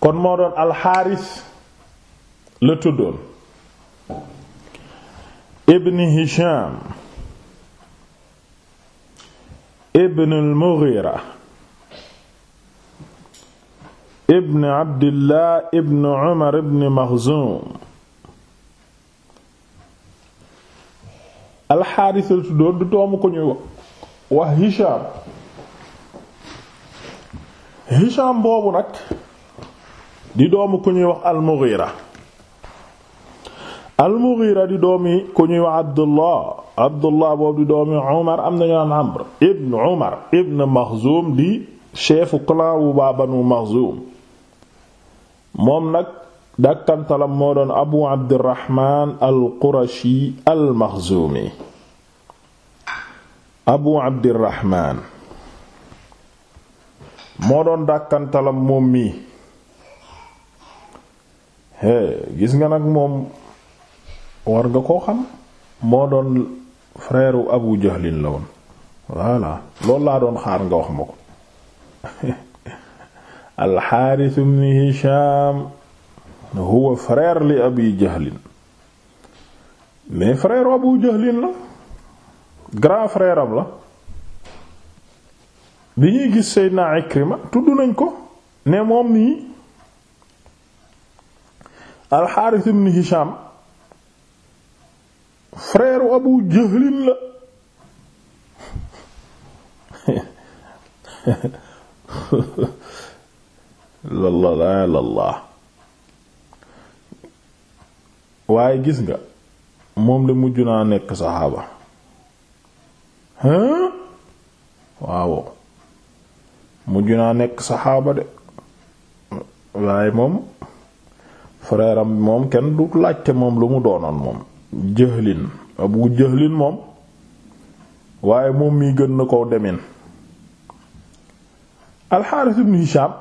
kon moo doon alxaaris la tuddoon ibn hisham ibn al ibn abdillah ibn umar ibn maxzum alxaaris la tuddoon du doomu ko ñuy wax hisham hisham boobu nag di doomu ku ñuy wax al-Mughira al-Mughira di doomi ku ñuy wax Abdullah Abdullah boobu di doomi Umar am nañu naan Amr ibn Umar ibn Maxzum di chefu clan wu baa Banu moom nag dàkkantalam moo doon Abu Abdirahman al-Qurashi Abu Abdirahman moo doon dàkkantalam moom mi gis nga nag moom war nga koo xam moo doon frère u Abu Jahlin la woon voilà loolu laa doon xaar nga wax ma ko al-Harith ibn Hisham huwa frère li Abi Jahlin mais frère Abu Jahlin la grand frère am la bi ñuy gis Seydina Ikrima tudd nañ ko ne moom nii alxaaris ibn Hisham frère Abu Jahlin la lalla laa lalla waaye gis nga moom de mujj naa nekk saxaaba hein waaw mujj naa nekk saxaaba de waaye moom frère moom kenn du laajte moom lu mu doonoon moom jëhlin abu jëhlin moom waaye moom mii gën na koo demin alxaaris ibn Hisham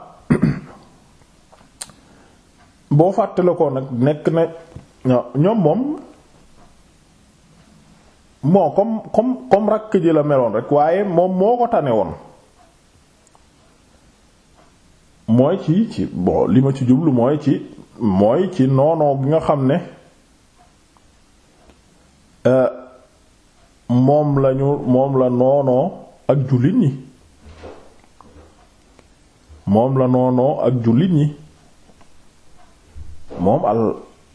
boo fàttale ko nag nekk nag ñoom moom moo comme comme comme rakk ji la meloon rek waaye moom moo ko tane woon mooy ci ci bon li ma ci jublu mooy ci mooy ci noonoo bi nga xam ne euh, moom lañu moom la noonoo ak jullit ñi moom la noonoo ak jullit ñi moom al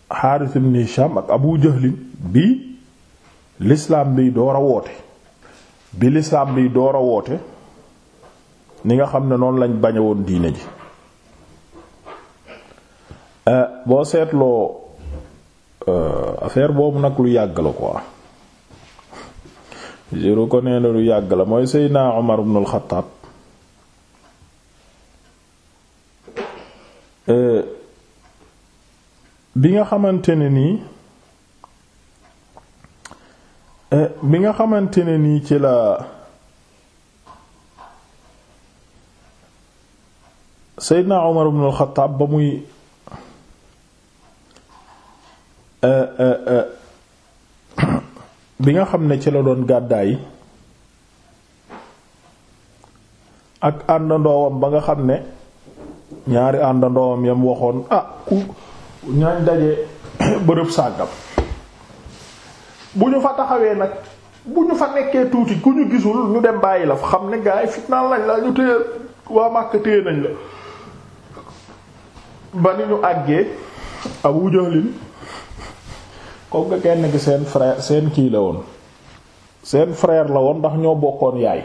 Xaaris ibn ak Abu Jahlin bi lislaam bi door a woote bi lislaam bi door a woote ni nga xam ne noonu lañ bañe woon diine ji Euh, boo seetloo euh, affaire boobu nag lu yàgg la quoi je reconnais ne lu yàgg la mooy Seydina Omar ibn al-Khattab euh, bi nga xamante ne nii bi nga xamante ne nii ci la Seydina Omar ibn al-Khattab ba muy Euh, euh, euh. bi nga xam ne ci la doon gàddaay ak àndandoowam ba nga xam ne ñaari àndandoowam yam waxoon ah ku ñaañ daje bërëb sàggam bu ñu fa taxawee nag bu ñu fa nekkee tuuti ku ñu gisul ñu dem bàyyi la xam ne gaa yi fitnaan lañ la ñu téye waa Màkka téye nañ la ba ni ñu àggee Abu Jahlin comme que kenn ki seen frère seen kii la woon seen frère la woon ndax ñoo bokkoon yaay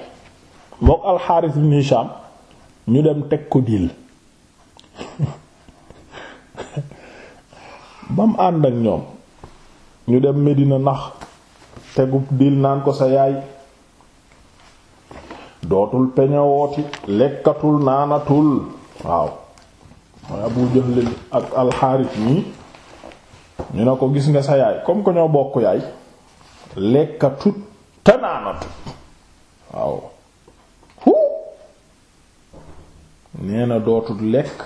mook alxaaris ibn Hisham ñu dem teg ko diil ba mu ànd ak ñoom ñu dem Medina nax tegub diil naan ko sa yaay dootul peñawooti lekkatul naanatul waaw mooy Abu Jahl ak alxaaris nii ñu ne ko gis nga sa yaay comme que ñoo bokk yaay lekkatut te naanatut waaw hu nee na dootut lekk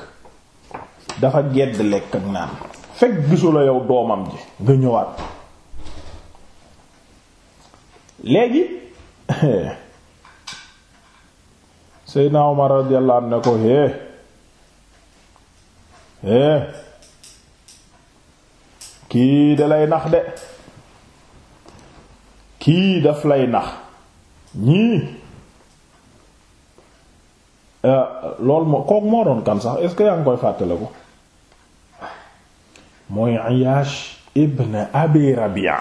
dafa gedd lekk ak naan fekk gisula yow doomam ji nga ñëwaat léegi Seydina Umar radiyallahu ne ko hee hee kii da nax de kii daf lay nax ñii euh, loolu moo kook moo doon kan sax est yaa ngi koy fàttale ko mooy Ayaash ibn Abi Rabia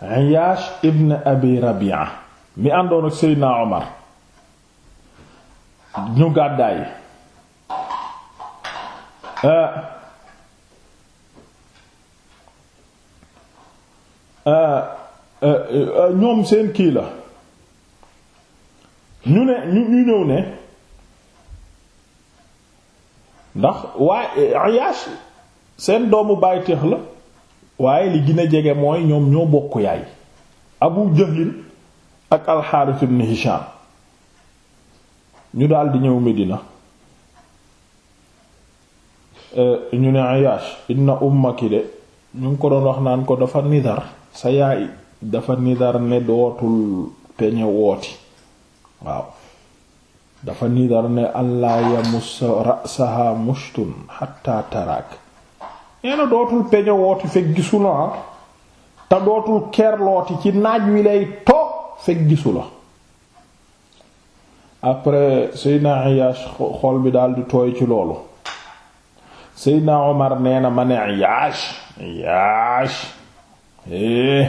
Ayaash ibn Abi Rabia mi àndoon ak Seydina Omar ñu gàddaay euh, Euh, euh, euh, ñoom seen kii la ñu ne ñu ñu ñëw ne ndax waaye Ayaash seen doomu baay téex la waaye li gën jege mooy ñoom ñoo bokk yaay Abu Jahlin ak Al-Harith Hisham ñu daldi ñëw Medina ñu ne Ayaash inna ummaki de ñu ko doon wax naan ko dafa nidar sa yaay dafa nidar ne dootul peñe wooti waaw dafa nidar ne allah yamussa rasaha mushtun hatta taraak nee dootul peñe wooti fekk gisu la te dootul kerlooti ci naaj wi lay toog fekk gisu la après Seydina Iyaash xol bi daal di tooy ci loolu Seydina Omar nee ma ne Iyaash Iyaash eh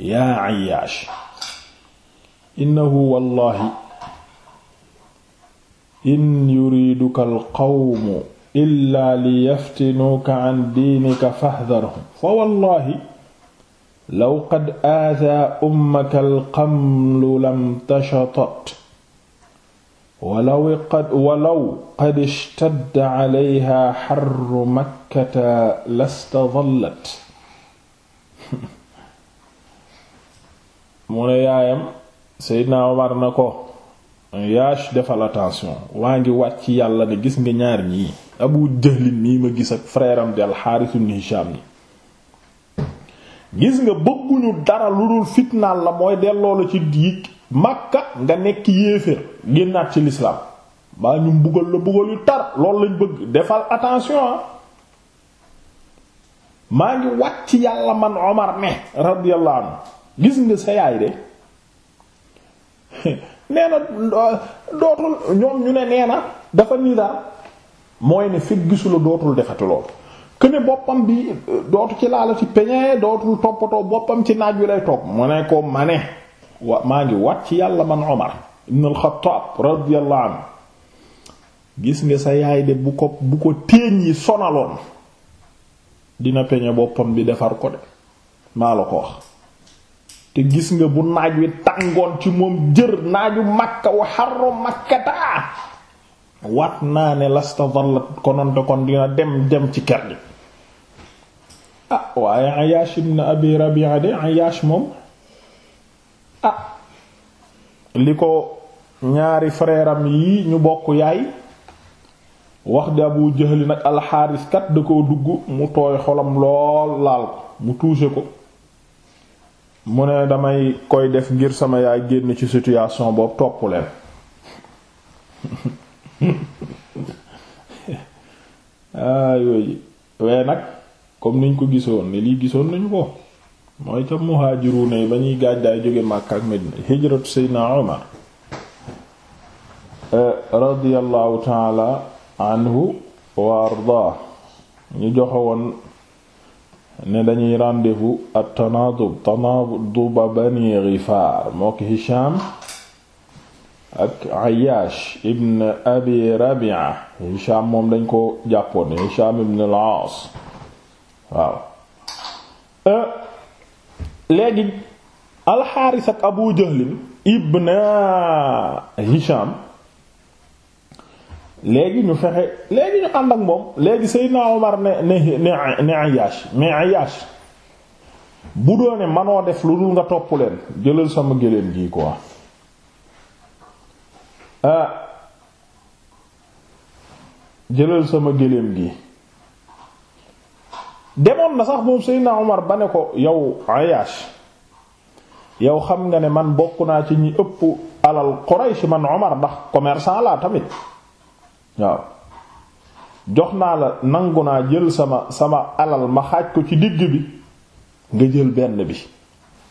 yaa Ayyaash innahu wallahi in yuriduka alqawmu illa liyaftinuuka an diinika fahdharhum fa wallahi law qad aataa ummaka alqamlu lam tashatat walaw qad ishtadda calayha xarru makkata lastadallat mu ne yaayam Seydina Omar na ko yaash defal attention waa ngi wàcc yàlla ne gis nga ñaar ñii Abu Jahlin mii ma gis ak frère am di Al-Harith ibn gis nga bëgguñu dara lu dul fitnaal la mooy delloo la ci diig Makka nga nekk yéeféer génnaat ci lislaam baa ñu la mbugal yu tar loolu lañ bëgg defal attention ah. maa ngi wàcc yàlla man Omar ne radiyallahu gis nga sa yaay de nee euh, dootul ñoom ñu ne nee na dafa nii daal mooy ne fit gisula dootul defati lool boppam bi euh, dootu ci laala ci peñe dootul toppatoo boppam ci naaj wi lay toog mu ne ko ma ne wa maa ngi wàcc yàlla man Omar ibn al-Khattab radiyallahu gis nga sa yaay de bu ko bu ko téeñ yi sonaloon dina peñe boppam bi defar ko de maa la ko wax te gis nga bu naaj wi tàngoon ci moom jër naaju makka wa xarru makkataa wat naa ne lasta dallat kononte kon dina dem dem ci ker gi ah waaye Ayyash ibn Abi Rabi'a de Ayyash moom ah li ko ñaari frère yi ñu bokk yaay wax di Abu Jahl nag alxaaris kat da koo dugg mu tooy xolam lool laal ko mu touché ko mu ne damay koy def ngir sama yaay génn ci situation boobu topp leen a ah, yooyu wee nag comme niñ ko gisewoon ne lii gisoon nañu ko mooy ca muhaajiruuna yi ba ñuy gàddaay jóge Makka ak Medina hijratu Seydina Umar eh, radiyallahu taala anhu wa ardaa ñu joxe woon ne dañuy rendez-vous at tanaadub bani gifaar moo ki ak ayash ibn abi rabia hisham moom dañ ko jàppoon hisham ibn al-aas waaw euh, léegi alxaaris abu jahlin ibna hisham léegi ñu fexe léegi ñu ànd ak moom léegi Seydina Omar ne ne ne Ayyash mais Ayyash bu doone manoo def lu dul nga topp leen jëlal sama géléem gi quoi ah jëlal sama géléem gi demoon na sax moom Seydina Omar ba ne ko yow Ayyash yow xam nga ne man bokk naa ci ñi ëpp alal Quraysh man Omar ndax commerçant laa tamit waaw jox naa la nangu naa jël sama sama alal ma xaaj ko ci digg bi nga jël benn bi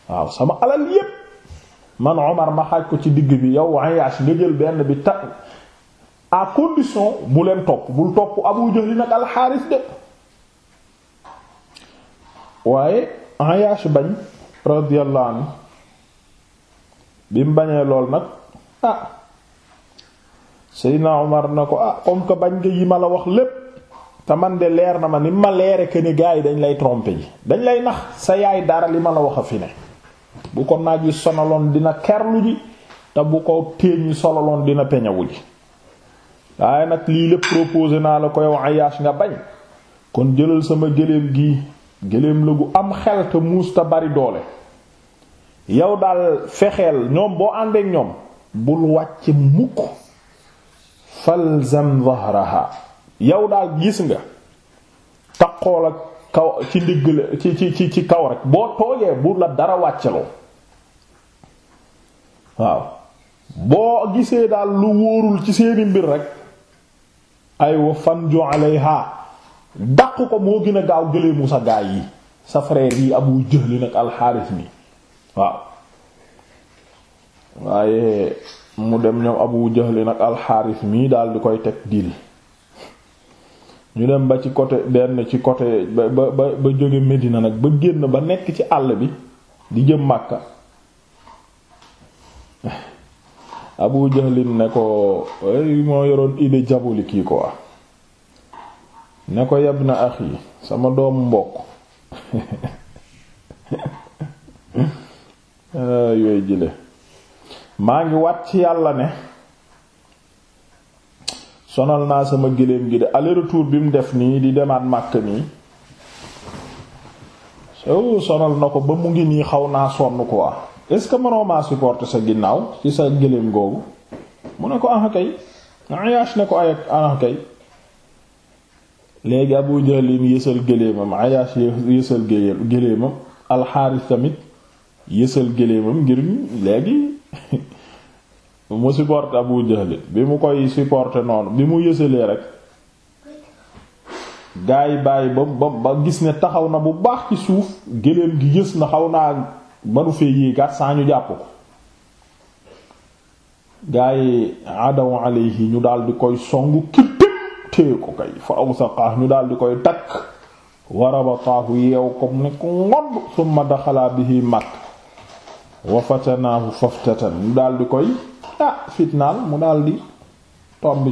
waaw sama alal yépp man Omar ma xaaj ko ci digg bi yow Ayaas nga jël benn bi ta à condition bu leen topp bul topp Abu Jahl nag alxaaris de waaye Ayaas bañ radiyallahu bi mu bañee lool nag ah Seydina Omar na ko ah comme que bañ nga yi ma la wax lépp te man de leer na ma ni ma leere que ni gars yi dañ lay tromper ji dañ lay nax sa yaay dara li ma la wax a fi ne bu ko naaj wi sonaloon dina kerlu ji te bu ko téeñ yi solaloon dina peñawu ji waaye nag lii lépp proposé naa la ko yow Ayyash nga bañ kon jëlal sama géléem gi géléem la gu am xel te muus te bari doole yow daal fexeel ñoom boo àndeek ñoom bul wàcc mukk falzam zahraha yow daal gis nga taqool ak kaw ci ndigg la ci ci ci kaw rek boo toogee bu la dara wàcceloo waaw boo gisee daal lu wóorul ci seeni mbir rek aywa fanju alayha daq ko moo gën a gaaw gëleemu sa gaay yi sa frère yi abu jëli nag alxaaris mi waaw waaye mu dem ñoom abu jahlin ak alxaaris mii daal di koy teg diil ñu dem ba ci côté benn ci côté ba ba ba jóge Medina nag ba génn ba nekk ci àll bi di jëm Màkka abu jahlin ne ko moo yoroon idée jaboli kii ko waa ne ko yab na axi sama doomu mbokk yooyu jële maa ngi wat ci yàlla ne sonal naa sama géléem gi de aller bi mu def nii di demaat màkk nii so sonal na ko ba mu ngi nii xaw naa sonn ko est-ce que mënoo maa sa ginnaaw si sa gëléem googu mu ne ko ah kay ne ko ay ah kay léegi Abu Jahl yësal géléemam Ayash yësal géléemam Al Harith tamit yësal géléemam ngir léegi mu supporte Abu Jahl bi mu koy supporte noonu bi mu yësalee rek gaa yi bàyyi ba ba gis ne taxaw na bu baax ci suuf géléem gi yës na xaw naa manu fee yéegaat saa ñu jàpp ko gaa yi adaw alayhi ñu dal di koy songu kippim téye ko kay fa awsaqah ñu dal di koy takk warabataahu yeew ko mu ne ko ngond summa daxalaa bihi makk wa fatanaahu faftatan ñu dal di koy ah fitnaal mu daal di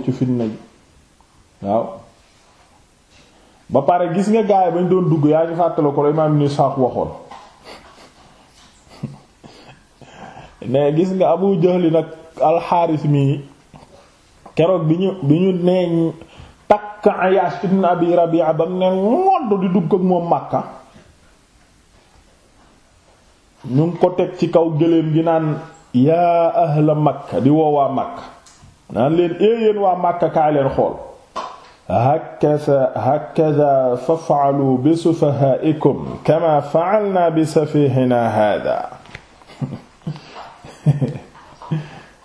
ci fitna ji waaw ba pare gis nga gaay bañ doon dugg yaa ñu fàttale ko la imaam ni saaq waxoon ne gis nga Abu Jahli nag alxaaris mii keroog bi ñu bi ñu nee takk Ayaash ibn Abi Rabi'a ba mu ne ngodd di dugg ak moom Makka ñu ngi ko teg ci kaw gëléem gi naan yaa ahla makka di woo waa makka naan leen éeyéen waa makka kaay leen xool hakaza hakaza faf'alu bi sufahaa'ikum kama fa'alna bi safihinaa haadaa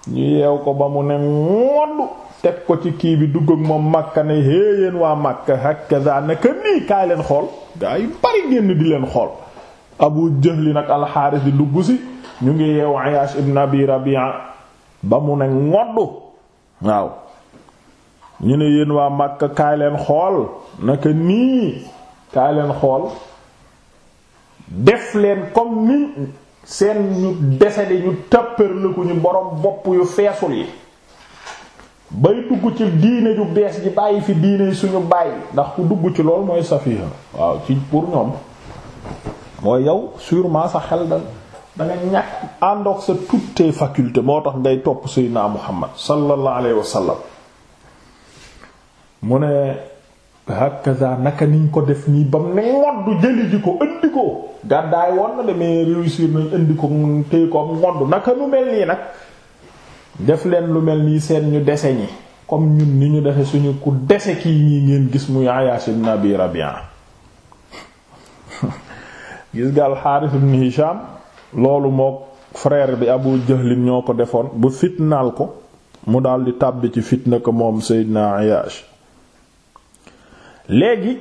ñu yeew ko ba mu ne ngoddu teg ko ci kii bi dugg moom makka ne héeyéen waa makka hakaza naka nii kaay leen xool gaa yi bari génn di leen xool abu jahli nag alxaaris di dugg si ñu ngi yeew Ayaash ibn Rabi'a ba mu ne ngoddu waaw ñu ne yéen waa màkk kaay leen xool naka nii kaay leen xool def leen comme ni seen ñu desede ñu tàpparliku ñu borom bopp yu feesul yi bay dugg ci diine yu bees ji bàyyi fi diine suñu bàyyi ndax ku dugg ci lool mooy safiha waaw ci pour ñoom mooy yow sûrement sa xel dal da nga ñàkk àndoog sa toutes tes moo tax ngay topp sayyidina Muhammad sallallahu alayhi wa sallam mu ne hakaza naka niñ ko def nii ba mu ne ngoddu jëli ji ko indi ko gàddaay woon na demee réussir nañ indi ko téye ko ngoddu naka lu mel nii nag def leen lu mel nii seen ñu dese ñi comme ñun ni ñu defe suñu ku dese kii ñii ngeen gis muy Ayaash ibn Rabi'a gis nga al Harith Hisham loolu mook frère bi abu jahlin ñoo ko defoon bu fitnaal ko mu daldi tàbbi ci fitna ko moom seydina Ayaash léegi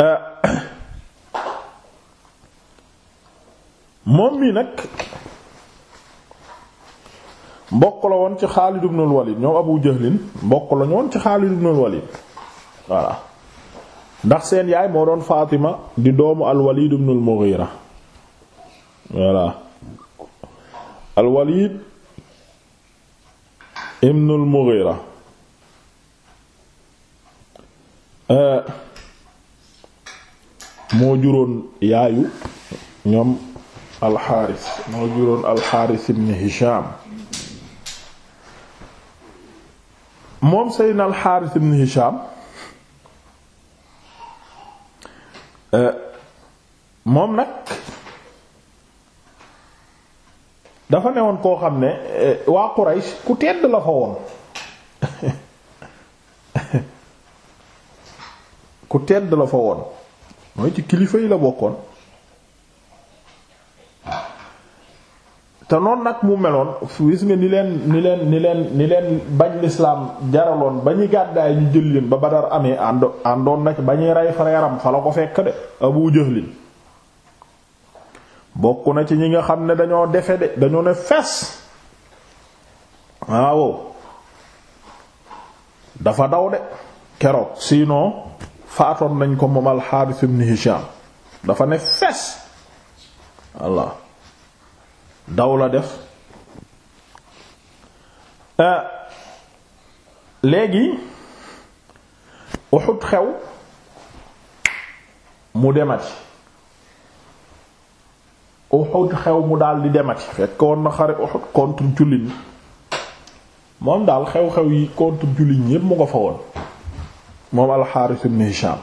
euh, moom mi nag mbokk la woon ci Xaalid ibn al-Walid ñoom Abu Jahlin mbokk la ñoon ci Xaalid ibn al-Walid voilà ndax seen yaay moo doon Fatima di doomu al-Walid ibn mughira voilà al Walid ibn al Mughira eh, moo juróon yaayu ñoom al moo juróon al Xaaris ibn moom Seydina al Xaaris ibn Hisham eh, moom nag dafa newoon koo xam ne eh, waa Quraysh ku tedd la fa woon ku tedd la fa woon mooy ci kilifa yi la bokkoon te noon nag mu meloon gis nga ni leen ni leen ni leen bañ lislaam jaraloon ba ñu gàddaay ñu jël leen ba Badar amee àndoon na ba ñuy rey frère am fa la ko fekk de Abu Jahlin bokk na ci ñi nga xam ne dañoo defe de dañoo ne fes waaw dafa daw de keroog sinon faatoon nañ ko moom al-Harith ibn Hisham dafa ne fes walla daw la def euh, léegi Uhud xew mu demati Uhud xew mu daal di demati fekk woon na xare Uhud contre jullit moom daal xew-xew yi contre jullit yépp mu nga fa woon moom al-Harith ibn Hisham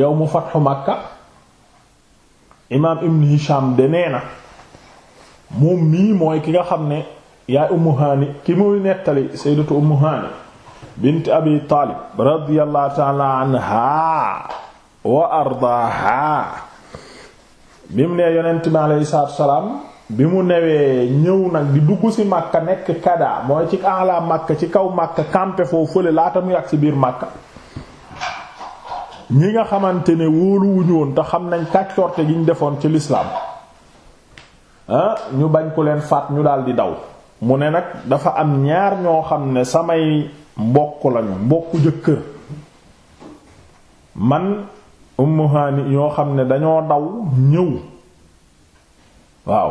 yow mu fatxu Makka imaam ibn Hisham de nee na moom mii mooy ki nga xam ne yaay Ummu Haani ki muy nettali sayyidatu Ummu Haani bint Abi Taalib radiyallahu ta'ala anha wa ardaaha bi mu nee yonent bi aleyhi salaatu salaam bi mu newee ñëw nag di dugg ci Makka nekk kada mooy ci ala Makka ci kaw Makka campé foofu fële laata muy ak ci biir Makka ñi nga xamante ne wóoluwuñu woon te xam nañ kàccorte gi ñu defoon ci lislaam ah ñu bañ ku leen faat ñu daal di daw mu ne nag dafa am ñaar ñoo xam ne samay mbokk lañu mbokku jëkkër man Ummu Hani ñoo xam ne dañoo daw ñëw waaw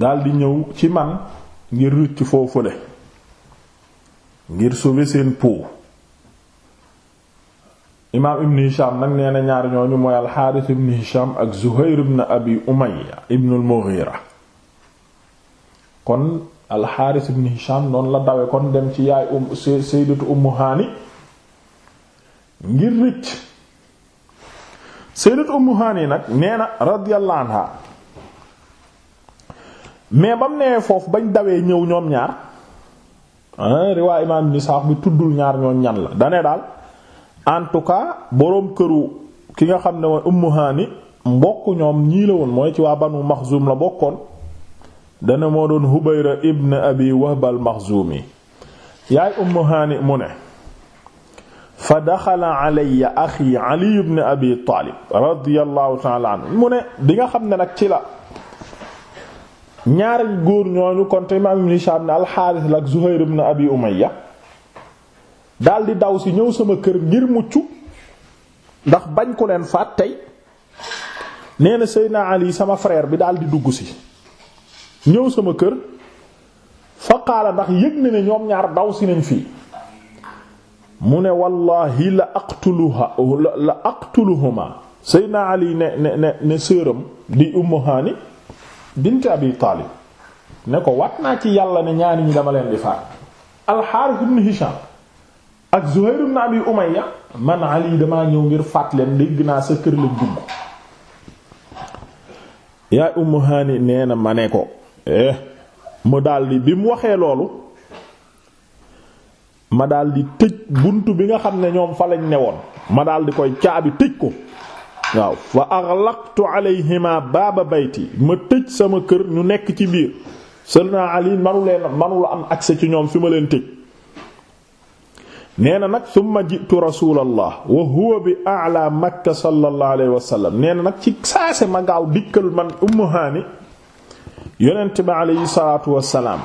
daldi ñëw ci man ngir rëcc foofule ngir sauver seen peau imaam ibn Hisham nag nee na ñaar ñooñu mooy al-Harith Hisham ak Zuhayr ibn Abi Umayya ibn al kon al-Harith Hisham noonu la dawe kon dem ci yaay um sayyidatu Ummu Hani ngir rëcc sayyidat ummu hani nag nee na radiyallahu anha mais ba mu nee foofu bañ dawee ñëw ñoom ñaar ah, riwaay imaam ibn Isaaq bi tuddul ñaar ñoom ñan la dane daal en tout cas boroom këru ki nga xam ne mooy ummu hani mbokk ñoom ñii la woon mooy ci waa banu maxzum la bokkoon dana moo doon hubayra ibn abi wahbal maxzumi yaay ummu hani mu ne fa daxala alayya axi ali ibn abi taalib radiyallahu taala anhu mu ne bi nga xam ne nag ci la ñaari góor ñooñu kon te imaam ibn Hishaam ne alxaaris la ak Zuhayr ibn abi umayya daldi daw si ñëw sama kër ngir mucc ndax bañ ko leen faat tey nee na Seydina Ali sama frère bi di dugg si ñëw sama kër fa qaala ndax yëg na ne ñoom ñaar daw si nañ fii mu ne wallahi la aqtuluha la aqtuluhuma Seydina Ali ne ne ne ne di Ummu Hani bint Abi Taalib ne ko wat naa ci yàlla ne ñaari ñi dama leen di faat al-Haaris Hisham ak Zuhayr ibn Abi Umayya man Ali damaa ñëw ngir faat leen dégg naa sa kër la dugg yaay Ummu Hani nee ma ne ko eh mu daldi bi mu waxee loolu ma daal di tëj bunt bi nga xam ne ñoom falañ lañ newoon ma daal di koy caabi tëj ko waaw fa aghlaqtu alayhima baaba bayti ma tëj sama kër ñu nekk ci biir sëriñ Ali manu leen manula am accès ci ñoom fi ma leen tëj nee na nag summa jitu rasulallah wa huwa bi a'la makka sallallahu alayhi wa sallam nee na nag ci saase ma gaaw dikkal man ummu yonent bi alayhi salaatu wa salaam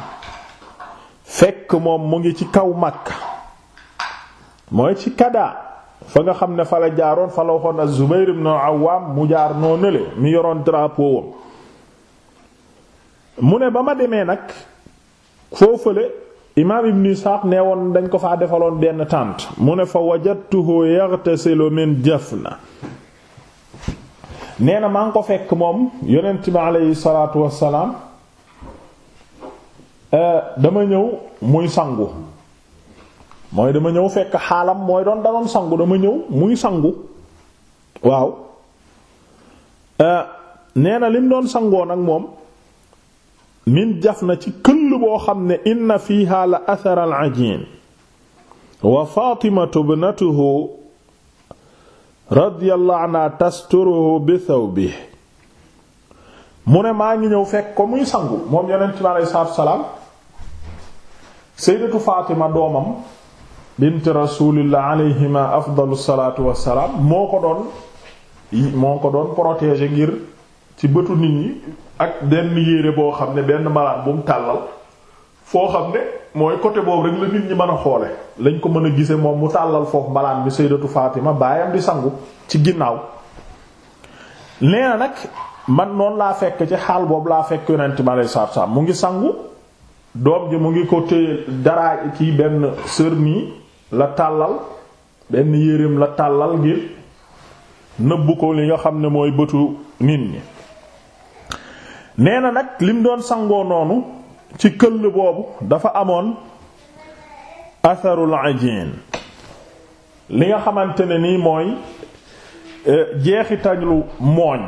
fekk moom mu ngi ci kaw Makka mooy ci kadaa fa nga xam ne fa la jaaroon fa la waxoon az-Zubayr ibn Awwam mu jaar noo nele mi yoroon drapeau wam mu ne ba ma demee nag foofale imaam ibn Isaaq nee woon dañ ko faa defaloon benn tànt mu ne fa wajadtuhu yaghtasilu min jafna nee na maa ngi ko fekk moom yonent bi aleyhi salaatu wassalaam Euh, dama ñëw muy sangu mooy dama ñëw fekk xaalam mooy doon daloon sangu dama ñëw muy sangu waaw euh, nee na lim doon sangoo nag moom min jaf na ci këll boo xam ne inna fiha la athara al ajin wa fatimatu ibnatuhu radiyallahu anha tasturuhu bi thawbihi mu ne maa ngi ñëw fekk ko muy sangu moom yonent bi alayhi salaatu wa salaam sayyidatu Fatima doomam bint rasulillah alayhima afdalu salaatu wassalaam moo ko doon moo ko doon protége ngir ci bëtu nit ñi ak benn yére boo xam ne benn malaan bu mu tàllal foo xam ne mooy côté boobu mën a xoole lañ ko mën a gise moom mu tàllal foofu malaan bi sayyidatu Fatima baayam di sangu ci ginnaaw nee nag man noonu laa fekk ci xaal boobu laa fekk yonent mi alayhi salaatu wassalaam mu ngi sangu doom ji mu ngi ko téye dara ci benn sër nii la tàllal benn yéreem la tàllal gi nëbbu ko li nga xam ne mooy bëtu nit ñi nee na nag lim doon sangoo noonu ci këll boobu dafa amoon atharul ajin li nga xamante ne nii mooy eh, jeexitalu mooñ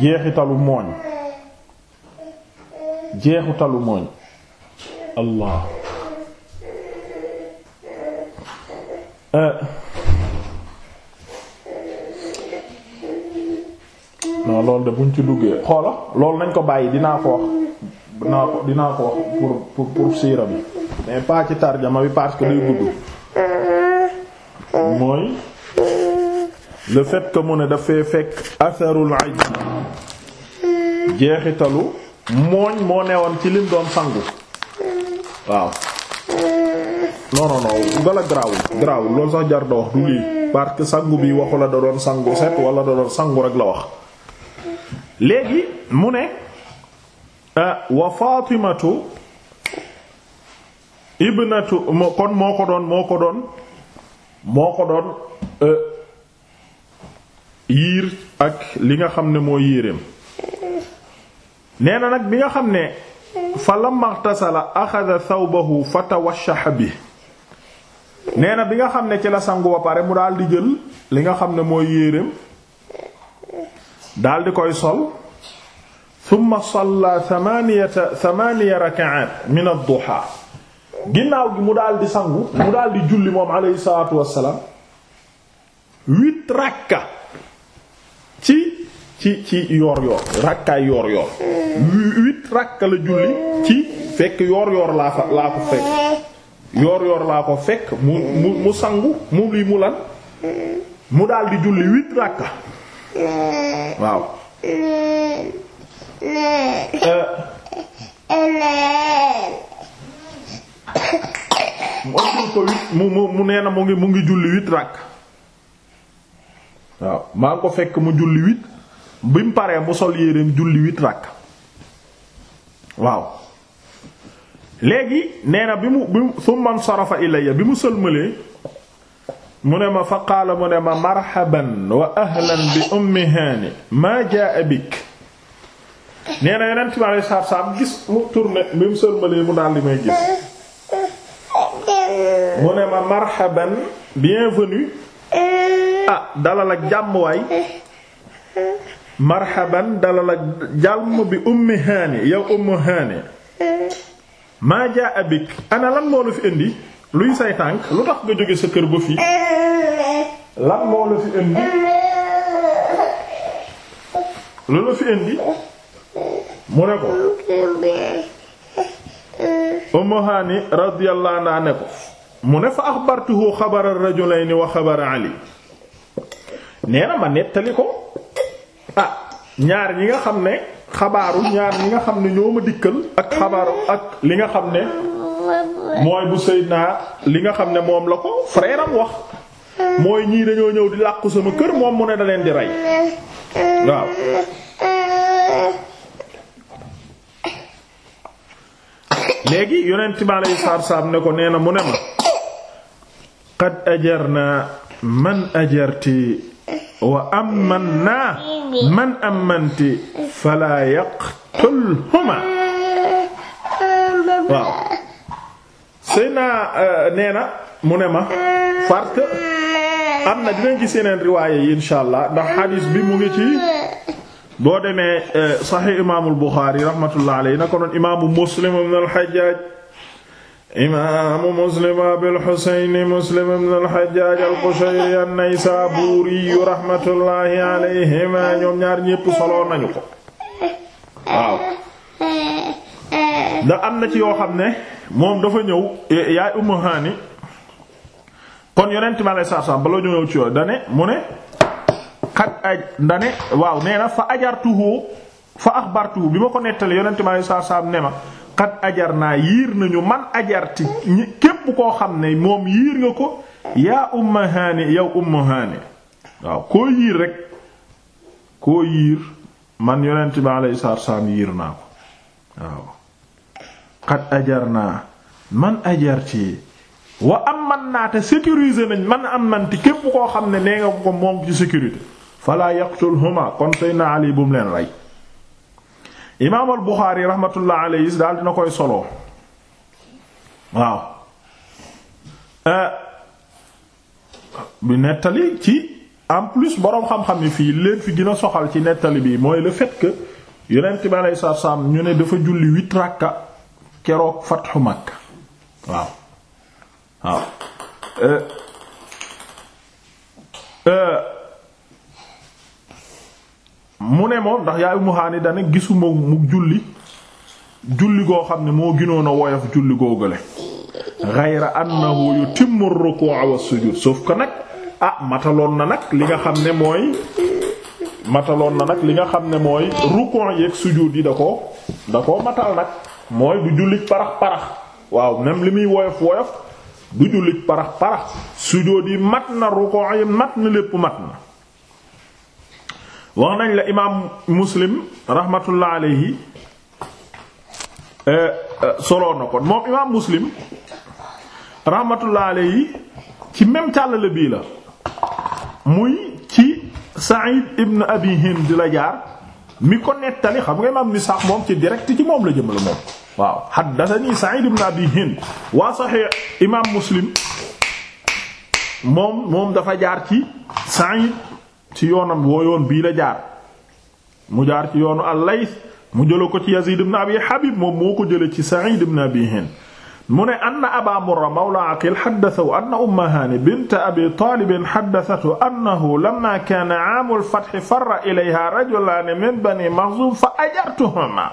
jeexitalu mooñ jeexitalu mooñ allah non loolu de buñ ci duggee xoola loolu nañ ko bàyyi dinaa ko wax dinaa ko dinaa ko wax pour pour siira bi mais paa ci tarjama bi parce que day gudd mooy le fait que mu ne dafay fekk atharul aj jeexitalu mooñ moo newoon ci lim doon sangu waaw non non non gala garaawul garaawul loolu sax jar da wax du lii parce sangu bi waxu la da doon sangu set wala da doon sangu rek la wax léegi mu ne euh, wa Fatimatu ibnatu kon moo ko doon moo ko doon moo ko doon euh, yiir ak li nga xam ne moo yéreem nee na nag bi nga xam ne fa lamma ixtasala axada thawbahu fa tawashaha bi nee na bi nga xam ne ci la sangu ba pare mu daal di jël li nga xam ne mooy yéreem daal di koy sol thumma salla thamaniyata thamaniya raka'at min ad-duha ginnaaw gi mu daal di sangu mu daal di julli moom alayhi salaatu wassalaam huit rakka ci ci ci yoor yoor rakkaay yoor yoor huit rakka la julli ci fekk yoor yoor laa fa laa ko fekk yoor yoor laa ko fekk mu mu mu sangu mu li mu lan mu daal julli huit rakka waaw maa ko fekk mu julli huit bi mu paree mu sol yéreem julli huit rakk waaw léegi nee na bi mu bi mu summan sarafa ilayya bi mu sëlmalee mu ne ma fa mu ne ma marhaban wa ahlan bi ummi haani maa jaa bik nee na yeneen time gis mu tourné bi mu sëlmalee mu daal li may gis mu ne ma marhaban bienvenue ah dalal ak jàmm waay marhaban dalal ak jàmm bi ummi haani yow ummu haani maa jaa abik ana lan moo la fi indi luy say tànk lu tax nga jóge sa kër ba fii lan moo la fi indi lu la fi indi mu ne ko ummu haani radiyallahu anha ne ko mu ne fa axbartuhu xabara rajulayni wa xabara ali nee na ma nettali ko ah ñaar ñi nga xam ne xabaaru ñaar ñi nga xam ne ñoo ma dikkal ak xabaaru ak li nga xam ne mooy bu Seydina li nga xam ne moom la ko frère ñii dañoo ñëw di làqu sama kër moom mu ne da leen di rey waaw léegi yonent ne ko nee na mu ne ma qad ajarna man ajarti wa amman naa man ammanti fala yaqtulhuma waaw sëy naa euh, nee na mu ne ma parce que am na dinañ gis yeneen riwaaya yi insha allah ndax xadiis bi mu ngi ci boo demee euh, saxiix imaamul Buxaari rahmatullah alayhi na ko noon imaamu Muslim ibn al-Hajjaj imaamu muslim abul xusayni muslim ibn al-Hajjaaj al-Qushayri an-Naysaabuuri rahmatullahi alayhima ñoom ñaar ñépp solo nañu ko waaw ndax am na ci yoo xam ne moom dafa ñëw yaay Ummu Haani kon yonent mi alayhi salaam bala ñu ñëw ci yooyu dane mu ne xaj aj dane waaw nee na fa ajartuhu fa axbartuhu bi ma ko nettalee yonent mi alayhi salaam ne ma xat ajar naa yiir nañu man ajarti ñi képp koo xam ne moom yiir nga ko yaa umma haani yow umma haani waaw koo yiir rek koo yiir man yonent bi alayhi salaatu wassalaam yiir naa ko waaw xat ajar naa man ajarti wa am man naa te sécuriser nañ man am manti képp koo xam ne nee nga ko moom ci sécurité falaa yaqtulhuma kon sëy na Ali bu leen rey imaam al Buxaari rahmatullah daal dina koy solo waaw eh, bi nettali ci en plus boroom xam-xam yi fii leen fi gën a soxal ci nettali bi mooy le fait yonent bi alayhi salaatu salaam ñu ne dafa julli huit rakka keroog fatxu Makka waaw waaw eh, eh, mu ne moom ndax yaay Ummu Haani gisuma mu julli julli goo xam ne moo ginoon a woyof julli goo gële ghayra annahu yutimmu ar-ruku'a was-sujud sauf que nag ah mataloon na nag li nga xam ne mooy mataloon na nag li nga xam ne mooy ruku' yeeg sujud yi da ko da ko matal nag mooy du jullit parax parax waaw même li muy woyof woyof du jullit parax parax sujud yi mat na ruku' yi mat na lépp mat na wax nañ la imaam muslim rahmatullah alayhi eh, eh, soloo na ko moom imaam muslim rahmatullah alayhi ci même càllale bii la muy ci Sa'id ibn Abi Hind la jaar mi ko nettali xam nga imaam ni sax moom ci direct ci moom la jëmale moom waaw haddathani Sa'id ibn Abi Hind waa Sahih imaam muslim moom moom dafa jaar ci Sa'id ci yoonam woo yoon bii la jaar mu jaar ci yoonu al-Layth mu jëla ko ci Yazid ibn Abi Habib moom moo ko jële ci Sa'id ibn Abi Hind mu ne anna Aba Murra mawla Aqil haddathahu anna Umma Hani bint Abi Talib haddathathu annahu lamma kana aamul fath farra ilayha rajulan min bani Makhzum fa ajartuhuma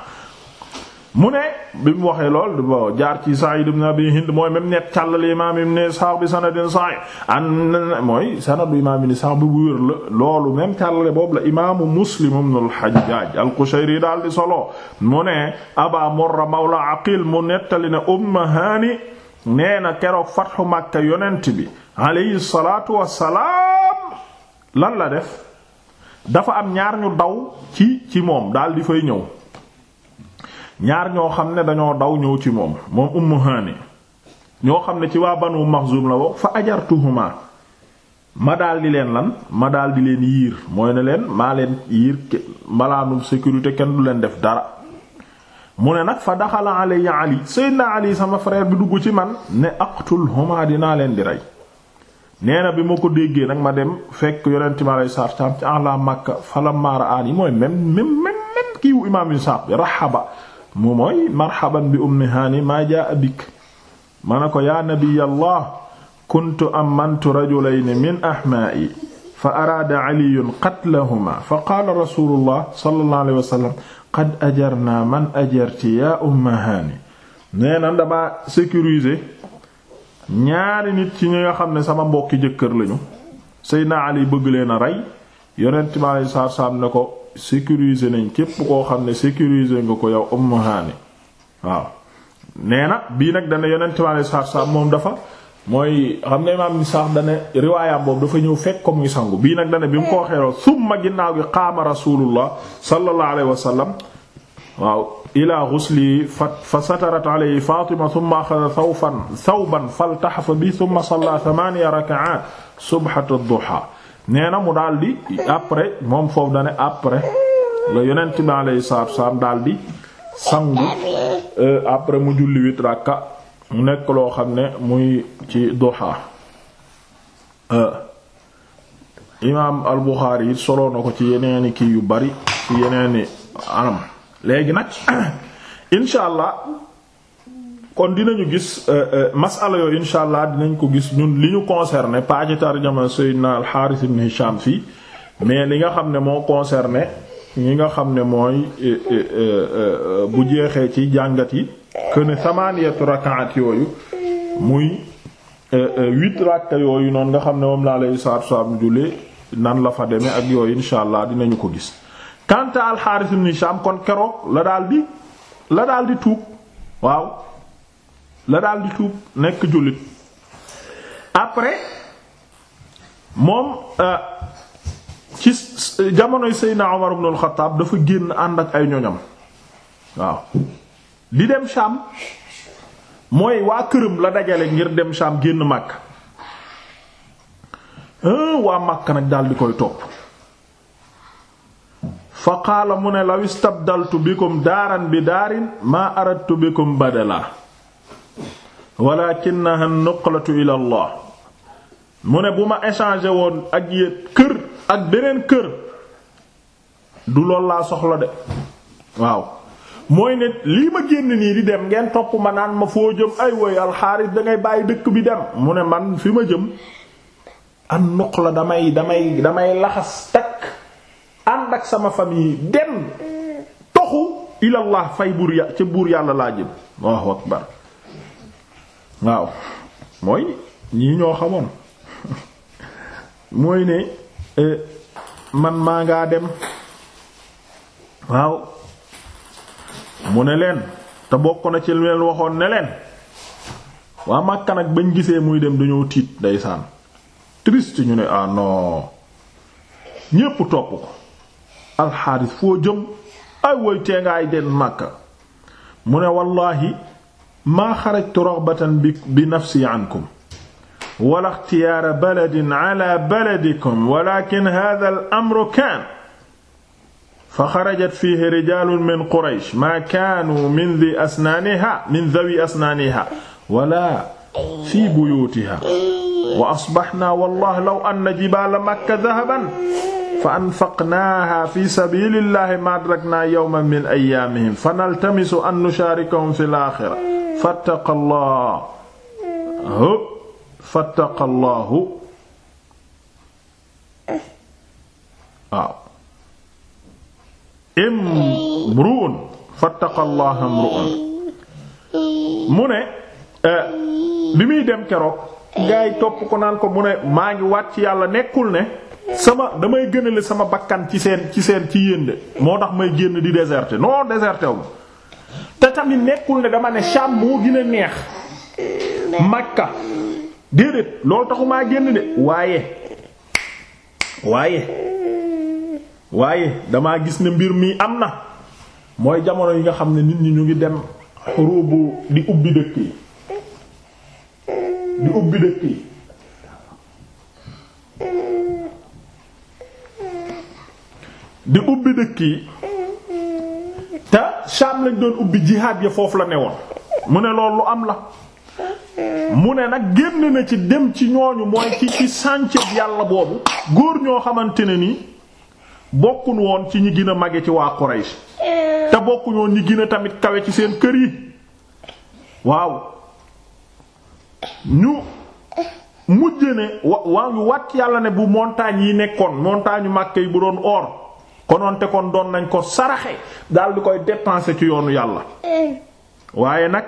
mu ne bi mu waxee lool ba jaar ci Sa'id na Abi Hind mooy même net càllal imaam ibn Ishaq bi sanadin sahih mooy sanadu imaam ibn Ishaq bi bu wér la loolu même càllale boobu la imaamu Muslim ibn al-Hajjaj al-Qushayri daal di solo mu ne Aba Murra mawla Aqil mu nettali ne Umm Hani nee na keroog fathu Makka yonent bi alayhi salatu wassalaam lan la def dafa am ñaar ñu daw ci ci moom daal di fay ñëw ñaar ñoo xam ne dañoo daw ñëw ci moom moom ummu haani ñoo xam ne ci waa banu maxzum la bokk fa ajartuhuma ma daal leen lan ma daal leen yiir mooy ne leen maa leen yiir malaanum sécurité kenn du leen def dara mu ne nag fa daxala ya ali sayyidina ali sama frère bi dugg ci man ne aqtulhuma dinaa leen di rey nee na bi ma ko déggee nag ma dem fekk yonent ma lay saar ci ala makka falamma ra'ani mooy même même même kiiwu imaam yu saab mu mooy marhaban bi ummi haani maa jaa bik ma ko yaa nabiyallah kuntu amantu rajulayni min ahmaa'i fa araada caliyun qatlahuma fa qaala rasulullah sallallahu wa sallam qad ajarna man ajarti yaa umma haani nee na dama sécuriser ñaari nit ci ñi nga xam ne sama mbokki jëkkër lañu Seydina Ali bëgg leen a rey yonent bi alayhi salaam ne ko sécuriser nañ képp koo xam ne sécuriser nga ko yow Ummu Haani waaw nee na bii nag dana yonent ma ne sax sax moom dafa mooy xam nga imaam ni sax dana riwaayam boobu dafa ñëw fekk ko muy sangu bii nag dana bi mu ko xeeroo summa ginnaaw gi qaama rasulullah sallallahu alayhi wa sallam waaw ila ghusli fa satarat alayhi fatima thumma akhadha thawban thawban faltahafa bi thumma salla thamaniya rak'at subhat ad-duha nee na mu daal di après moom foofu dane après la yonent bi alayhi salaatu salaam daal di sangu euh, après mu julli huit rakka mu nekk loo xam ne muy ci duha euh, imaam al Buxaari it soloo na ko ci yeneeni kii yu bari ci yeneeni anam léegi nag insha allah kon dinañu gis euh, euh, masala yooyu insha allah dinañ ko gis ñun li ñu concerné pas ci tarjama Seydina al-Harith ibn Hisham fii mais li nga xam ne moo concerné ñi nga xam ne mooy euh, bu jeexee ci jàngat yi que ne samaniyatu rakaat yooyu muy huit rakka yooyu noonu nga xam ne moom laa lay saatu saam julli nan la fa demee ak yooyu insha allah dinañu ko gis quant à al Hisham kon keroog la daal di la daal di tuub waaw la daal tuub nekk jullit après moom euh, ci jamonoy Seydina Omar ibn al dafa génn ànd ak ay ñoñam waaw di dem Sham mooy waa këram la dajale ngir dem Sham génn Makka waa Makka nag daal koy topp fa qaala mu ne law istabdaltu bikum daaran bi daarin maa aradtu bikum badala walakinaha nuqlatu ila allah mu ne bu ma échanger woon ak yéen kër ak beneen kër du lool laa soxla de waaw mooy ne lii ma génn nii di dem ngeen topp ma naan ma foo jëm ay woy alxaaris dangay bàyyi dëkk bi dem mu ne man fi ma jëm an nuqla damay damay damay laxas takk ànd ak sama famille dem toxu ilallah fay buur ya ca buur yàlla laa jëm waaw akbar waaw mooy ñii ñoo xamoon mooy ne e, man maa ngaa dem waaw mu ne leen te bokk na ci leen waxoon ne leen waa Makka nag bañ gisee muy dem dañoo tiit ndeysaan triste ñu ne ah non ñépp topp ko alxaaris foo jëm ay woy tee ngaay den Makka mu ne wallaahi maa xarajtu raghbatan bi nafsi ankum wala ixtiyaara baladin ala baladikum walakin hada al amru kaan fa xarajat fiihi rijaalun min quraysh maa kaanuu min di asnaaniha min dhawi asnaaniha wala fii buyuutiha wa asbaxnaa wallahi law anna jibaala makka dahaban fa anfaqnaaha fi sabilillahi ma adraknaa yawman min ayyaamihim fa naltamisu an nushaarikahum fil aaxira fattaqallaahu fattaqallaahu waaw imru'un fattaqallaaha imru'un mu ne eh, bi muy dem keroog gaa yi topp ko naan ko mu ne maa ngi waat ci yàlla nekkul ne sama damay gënale sama bakkan ci seen ci seen ci yéen de moo tax may génn di déserté noo déserté wu te tamit nekkul ne dama ne Sham moo gën neex Makka déedéet loolu taxumaa génn de waaye waaye waaye damaa gis ne mbir mii am na mooy jamono yi nga xam ne nit ñi ñu ngi dem xurubu di ubbi dëkk yi di ubbi dëkk yi di ubbi dëkk yi te Sham lañ doon ubbi jihaad ya foofu la ne woon mu ne loolu lu am la mu ne nag génn na ci dem ci ñooñu mooy ci ci sànceeb yàlla boobu góor ñoo xamante ne ni bokkuñ woon ci ñi gën a mage ci waa Quraysh te bokkuñoon ñi gën tamit kawe ci seen kër yi waaw ñu mujj ne wa waa ngi yàlla ne bu montagne yi nekkoon montagne yu màkke yi bu doon or konoonte kon doon nañ ko saraxe daal di koy dépenser ci yoonu yàlla waaye nag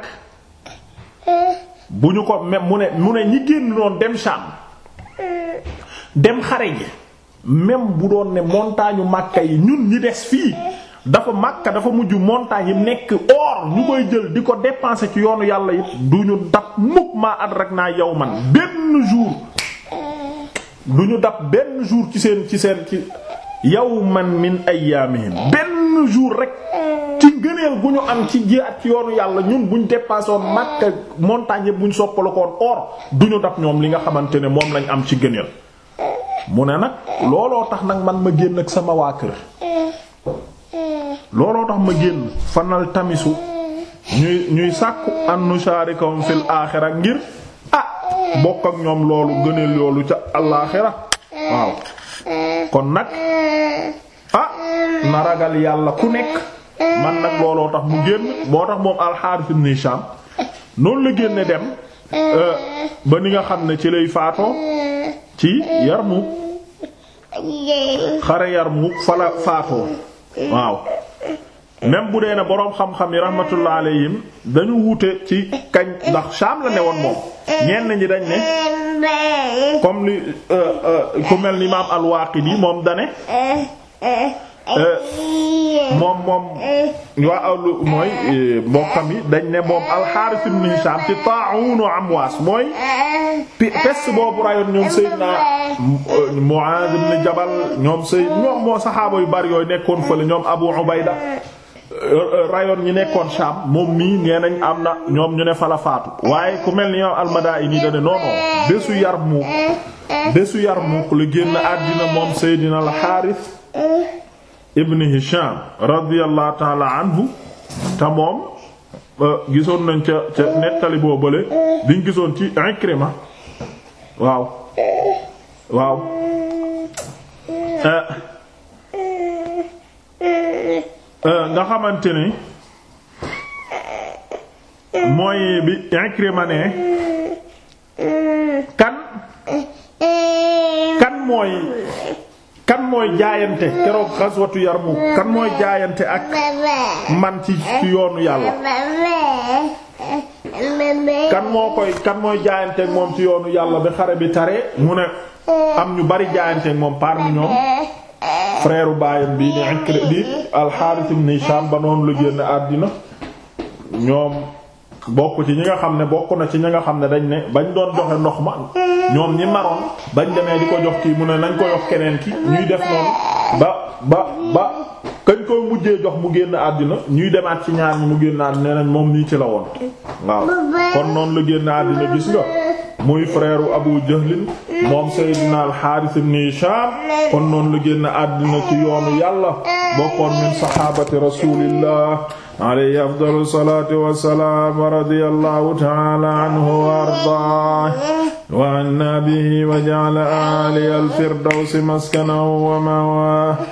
bu ñu ko mu ne mu ne ñi génn noon dem Sham dem xare ji même bu doon ne montagne yu màkke yi ñun ñi des fii dafa Makka dafa mujj montagne yi nekk or ñu koy jël di ko dépenser ci yoonu yàlla it du ñu dab mukk maa adraknaa man benn jour duñu ñu dab benn jour ci seen ci seen ci man min ay ayyaamihim benn jour rek ci ngëneel bu ñu am ci jihaad ci yoonu yàlla ñun buñ dépenser woon Makka montagne yi buñ soppalakoon or duñu ñu dab ñoom li nga xamante ne moom lañ am ci ngëneel mu ne nag looloo tax nag man ma génn ak sama waa kër looloo tax ma génn fanal tamisu ñuy ñuy sàkku an nusharikum fil aaxira ngir ah bokk ak ñoom loolu gëneel loolu ca alaaxira waaw kon nag ah na ragal yàlla ku nekk man nag looloo tax mu génn boo tax moom al-Harith noonu la génne dem euh, ba ni nga xam ne ci lay faatoo ci Yarmuk xare Yarmuk fa fala faatoo waaw même bu dee na boroom xam-xam yi rahmatullah alayhim dañu wuute ci kañ ndax Sham la ne woon moom ñenn ñi dañ ne comme li euh, euh, ku mel ni imaam al-Waaqidi moom dane euh, moom moom waa allu mooy mbokkam yi dañ ne moom al-Haaris ibn Hishaam ci ta'unu ñoom Seydina Mu'aaz Jabal ñoom Seydina ñoom moo saxaaba yu bari yooyu nekkoon fële ñoom Abu Ubayda Euh, rayoon ñi nekkoon Sham moom mii nee nañ am na ñoom ñu ne fa waaye ku mel ni ñoom al-Madaini da ne non non bésu Yarmuk bésu Yarmuk la génn àddina moom Seydina al-Harith ibn Hisham radiyallahu ta'ala anhu te moom euh, gisoon nañ ca ca nettali boo bële diñ gisoon ci Ikrima waaw waaw euh, Euh, nga xamante ni mooy bi Ikrima ne kan kan mooy kan mooy jaayante keroog xaswatu Yarmuk kan mooy jaayante ak man ci yoonu yàlla kan moo koy kan mooy jaayanteeg moom ci yoonu yàlla bi xare bi tare mu ne am ñu bari jaayanteeg moom parmi ñoom frère baayam bii di Ikri di al-Harith ibn Hisham ba noonu la génn àddina ñoom bokk ci ñi nga xam ne bokk na ci ñi nga xam ne dañ ne bañ doon joxe ndox ma ñoom ñi maroon bañ demee di ko jox kii mu ne nañ ko jox keneen ki ñuy def noonu ba ba ba kañ koy mujjee jox mu génn àddina ñuy demaat ci ñaar ñi mu génn àddina nee moom nii ci la woon waaw kon noonu la génn àddina gis nga. muy frère Abu Jahlin moom Seydina al-Haaris ibn Hishaam kon noonu la génn àddina ci yoonu yàlla bokkoon min saxaabati rasuulillah alayhi afdalu salaatu wa salaam wa radiyallahu ta'ala anhu wa ardaahu wa anna bihi wa ja'ala a'la al-firdawsi maskanahu wa ma'waahu